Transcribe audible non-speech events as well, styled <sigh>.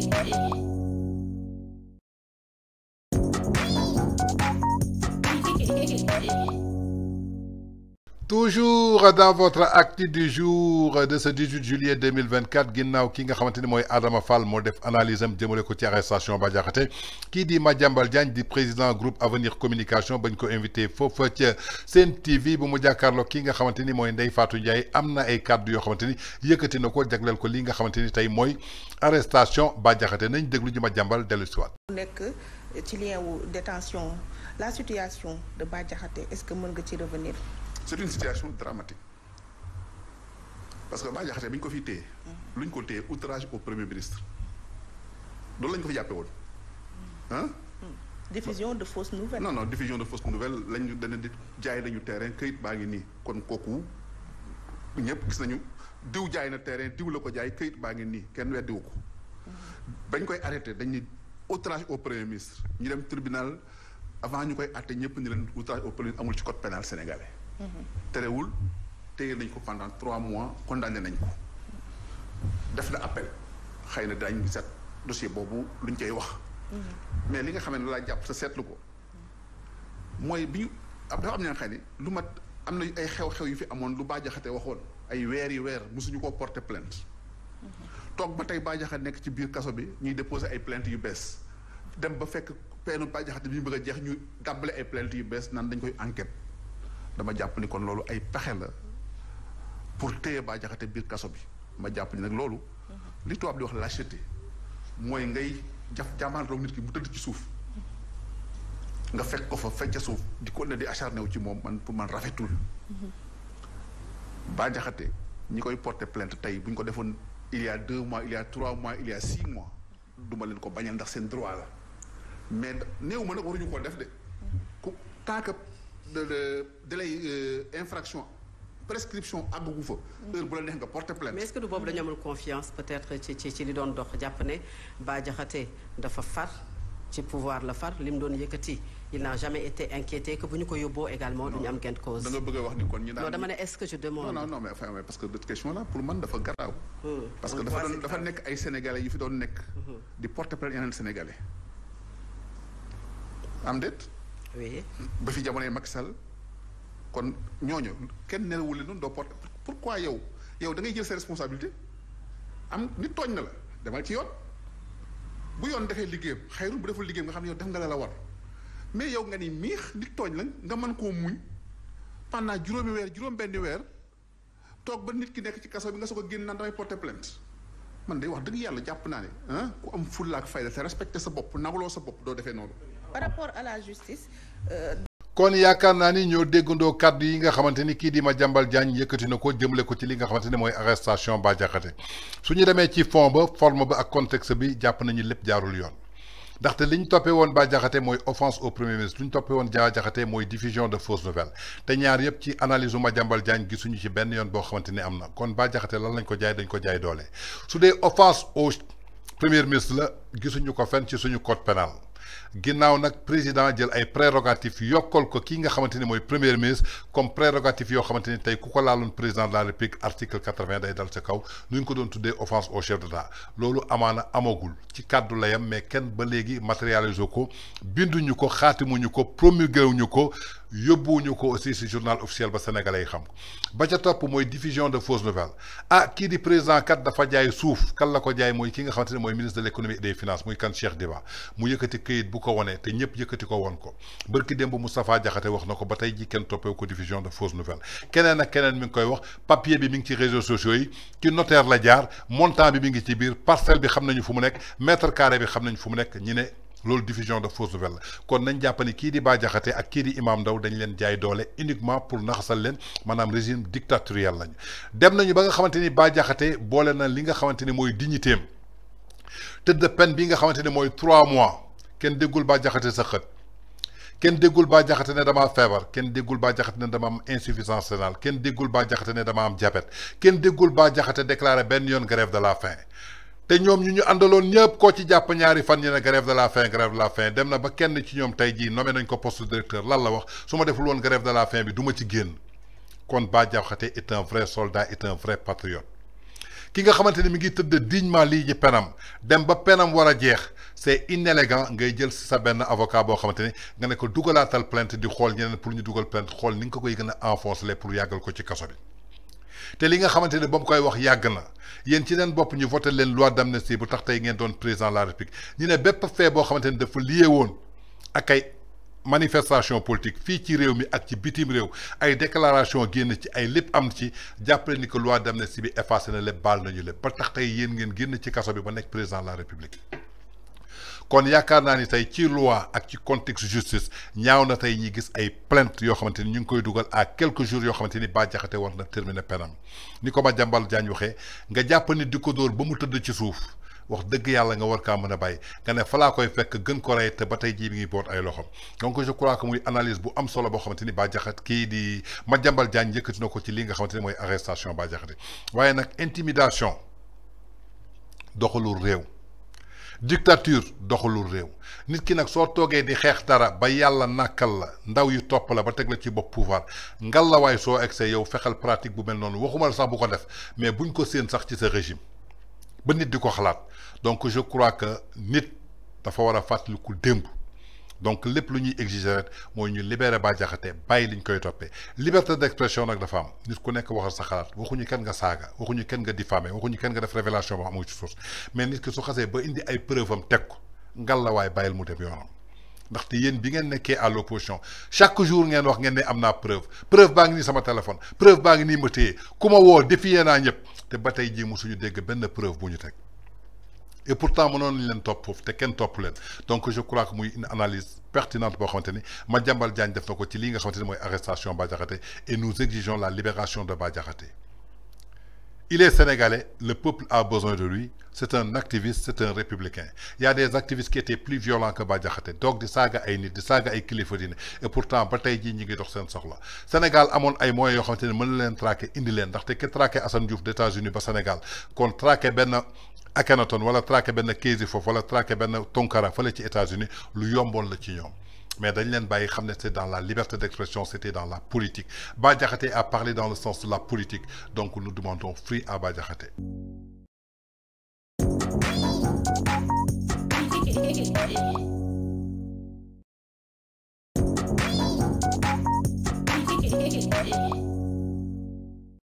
Thank you. toujours dans votre acte du jour de ce 18 juillet 2024 ginnaaw ki nga xamante ni Adama Fall moo def analyse am jëmale ko ci arrestation Bah Diakhaté kii di Madiambal Diagne di président groupe Avenir Communication bañ ko invité foofa ca Sen TV bu mu jàkkaarloo ki nga xamante ni mooy Ndeye Fatou Ndiaye am na ay kàddu yoo xamante ni yëkkati na ko li nga xamante ni tey arrestation Bah Diakhaté nañ déglu ñu Madiambal dellu si waat nekk ci lien wu détention la situation de Bah Diakhaté est-ce que mën nga ci revenir c'est une situation dramatique parce que baa Diakhaté bi ñu ko fi téye. lu ñu ko téye outrage au premier ministre loolu la ko fi jàppee woon ah. diffusion de fausses nouvelles. non non diffusion de fausses nouvelles lañu dana di jaay nañu terrain këyit baa ngi nii kon kooku ñëpp gis nañu diw jaay na terrain diw la ko jaay këyit baa ngi nii kenn weddiwu ko. Hmm. bañ koy arrêté dañ ni outrage au premier ministre ñu dem tribunal avant ñu koy àtte ñëpp ni leen outrage au premier ministre ci code pénal sénégalais. terewul téye nañ ko pendant trois mois condamné nañ ko. def na appel xëy na dañ gisat dossier boobu luñ koy wax. mais li nga xam ne laa jàpp sa seetlu ko. mooy bi ñu dafa am ñoo xam ne lu mat am na ay xew-xew yu fi amoon lu Bah waxoon ay weer yi weer mosuñu koo porter plainte. toog ba tey Bah Diakhaté nekk ci biir kaso bi ñuy déposer ay plaintes yu bees. dem ba fekk peenu Bah Diakhaté bi ñu bëgg a jeex ñu dàbbale ay plaintes yu bees naan dañ koy enquête. dama japp ni kon lolu ay pexe la pour téye ba Diakhaté bir kasso bi ma japp ni nak lolu li tubaab di wax lâcheté moy ngay jaf jàmmaanroog nit ki bu teud ci souf nga fekk ko fa fecc souf di ko ne di acharné wu ci mom man pour man rafetul ba Diakhaté ni koy porter plainte tay buñ ko defone il y a 2 mois il y a 3 mois il y a 6 mois duma len ko bañal ndax sen droit la mais newuma nak waruñu ko def de ku taaka de de euh, infraction prescription à mhm. mais est-ce que nous avons confiance peut-être que les gens Japonais il n'a jamais été inquiété que vous également cause. est-ce que je demande. non non mais enfin parce que cette question là pour man dafa il hmm. parce que hmm. dafa dafa sénégalais faut fi neck hmm. di porter plainte sénégalais ba fi jamonoy Macky Sall kon ñooñu kenn nelawul noonu doo porte pourquoi yow yow da ngay jël sa responsabilité am nit tooñ na la demal ci yoon bu yoon defee liggéeyam xayrul bu deful liggéeyam nga xam ne yow def nga la la war mais yow nga ni miix nit tooñ la nga mën koo muñ pendant juróomi weer juróom-benni weer toog ba nit ki nekk ci kaso bi nga soog a génn naan damay porter plainte man day wax dëgg yàlla jàpp naa ne ah ku am fulla ak fayda te respecté sa bopp nawloo sa bopp doo defee noonu. par rapport à la justice. Euh, kon yakarna ni ñoo déggandoo kàddu yi nga xamanteni ki di ma jambal yëkëti ko jëmlé ko ci li nga xamanteni moy arrestation ba jaxaté suñu ñu ci fond ba forme ba ak contexte bi japp nañu lepp jaarul yoon bah offense au premier ministre luñ ñu won ja bah jaxaté moy diffusion de fausses nouvelles té ñaar yëpp ci analyse u Madiambal Diagne gisuñu ci benn yoon bo xamanteni amna kon ba jaxaté lan lañ ko jaay dañ ko jaay doolé su dé offense au premier ministre la gisuñu ko fenn ci suñu code pénal ginnaaw nag président jël ay prérogatives yokkal ko kii nga xamante ni mooy premier ministre comme prérogative yoo xamante ni tey ku ko laaloon président de la république article quatre-vingt day dal sa kaw nu ñu ko doon tuddee offense au chef d'état loolu amaana amagul ci kàddu la yam mais kenn ba léegi matérialisé ko binduñu ko xaatimuñu ko promulgué wuñu ko. yóbbu yóbbuwuñu ko aussi si journal officiel ba sénégalais yi xam ko ba ca topp mooy diffusion de fausses nouvelles ah kii di président kat dafa jaay suuf kan la ko jaay mooy ki nga xam ne mooy ministre de l' économie et des finances muy kan Cheikh Diba mu yëkkati këyit bu ko wone te ñëpp yëkkati ko woon ko bërki démb Moustapha Diakhaté wax na ko ba tey ji kenn toppee ko diffusion de fausses nouvelles keneen ak keneen mi ngi koy wax papier bi mi ngi ci réseaux sociaux yi ci biir parcelle bi xam nañu fu mu nekk mètre carré bi xam nañu fu mu nekk ñi ne loolu diffusion de fausses nouvelles la kon nañ jàpp ne kii di Bah Diakhaté ak kii di imaam Ndao dañ leen jaay doole uniquement pour naxasal leen maanaam régime dictatorial lañu dem nañu ba nga xamante ni Bah boole na li nga xamante ni mooy dignitéem tëdd peine bi nga xamante ni mooy trois mois kenn déggul Bah Diakhaté sa xët kenn déggul Bah Diakhaté ne dama feebar kenn déggul Bah ne dama am insuffisance rénale kenn déggul Bah ne dama am diabète kenn déggul Bah Diakhaté déclaré benn yoon grève de la faim té ñom ñu ñu andalon ñepp ko ci japp ñaari fan ñu ne grève de la faim grève de la faim dem na ba kenn ci ñom tay ji nommé nañ ko poste directeur lan la wax suma deful won grève de la faim bi duma ci genn kon Bah Diakhaté est un vrai soldat est un vrai patriote ki nga xamanteni mi ngi teud dignement li ji penam dem ba penam wara a jeex c'est inélégant ngay jël sa ben avocat bo xamanteni nga ne ko dugalaatal plainte di xol ñeneen pour ñu dugal plainte xol ni nga ko koy gën a enfoncer pour yagal ko ci kasso bi te li nga xamante ne ba mu koy wax yàgg na yéen ci leen bopp ñu voté leen loi d'amnistie bu tax tey ngeen doon président de la République ñu ne bépp fee boo xamante ne dafa lié woon ak ay manifestation politique fii ci réew mi ak ci bitim réew ay déclaration génn ci ay lépp am ci jàppale ni que loi d'amnistie bi effacé na lépp baal nañu lépp ba tax tey yéen ngeen génn ci kaso bi ba nekk président la République kon yaakaar naa ni tay ci loi ak ci contexte justice ñaaw na tay ñi gis ay plainte yo xamanteni ñu ngi koy duggal à quelques jours yo xamanteni ba jaxate Diakhaté war na terminer penam ni ko jambal jañ waxe nga jàpp ni diko ko dóor ba mu tëdd ci suuf wax deug yàlla nga war ka mën bay nga ne fala koy fekk gën ko ray te ba tey jii mi ngi bot ay loxom donc je crois que muy analyse bu am solo bo xamanteni ba jaxat ki kii di Madiambal Diagne yëkkati na ko ci li nga xamanteni moy arrestation ba Diakhaté waye nak intimidation doxalul rew dictature doxalul réew nit ki nag soo toogee di xeex dara ba yàlla nàkkal la ndaw yu topp la ba teg la ci bopp pouvoir ngallaawaay soo egsee yow fexeel pratique bu mel noonu waxuma la sax bu ko def mais bu ñu ko séen sax ci sa régime ba nit di ko xalaat donc je crois que nit dafa war a fàttaliku démb. donc lepp lu ñuy exiger rek mooy ñu libéré ba Diakhaté bàyyi liñ koy toppee liberté d'expression nag dafa am nit ku nekk waxal sa xalaat waxuñu kenn nga saaga waxuñu kenn nga diffamé waxuñu kenn nga def révélation ba amul ci source mais nit ki su xasee ba indi ay preuve am teg ko ngallaawaay bàyyil mu dem yoonam ndaxte yéen bi ngeen nekkee à l'opposition chaque jour ngeen wax ngeen ne am naa preuve preuve baa ngi nii sama téléphone preuve baa ngi nii ma téye ku ma woo défier naa ñëpp te ba tey jii mosuñu dégg benn preuve bu ñu teg et pourtant mënoon nañ leen top foofu te kenn donc je crois que muy une analyse pertinente pour xamante Je Madiambal Diagne def na ko ci lii nga arrestation à Diakhaté et nous exigeons la libération de Bah il est sénégalais, le peuple a besoin de lui. C'est un activiste, c'est un républicain. Il y a des activistes qui étaient plus violents que Badja Donc, des sagas et des sagas et Kilifodine. Et pourtant, bataille de Nigé d'Orsen Sorla. Sénégal a mon aïe moyen de mener traquer Indilen. D'arté que traquer Hassan Diouf d'États-Unis, par Sénégal. Qu'on traquer ben Akhenaton, voilà traquer ben Kézifo, voilà traquer ben Tonkara, voilà les États-Unis. Le yombon le chignon mais dans la liberté d'expression c'était dans la politique Bah a parlé dans le sens de la politique donc nous demandons free à Bah <laughs>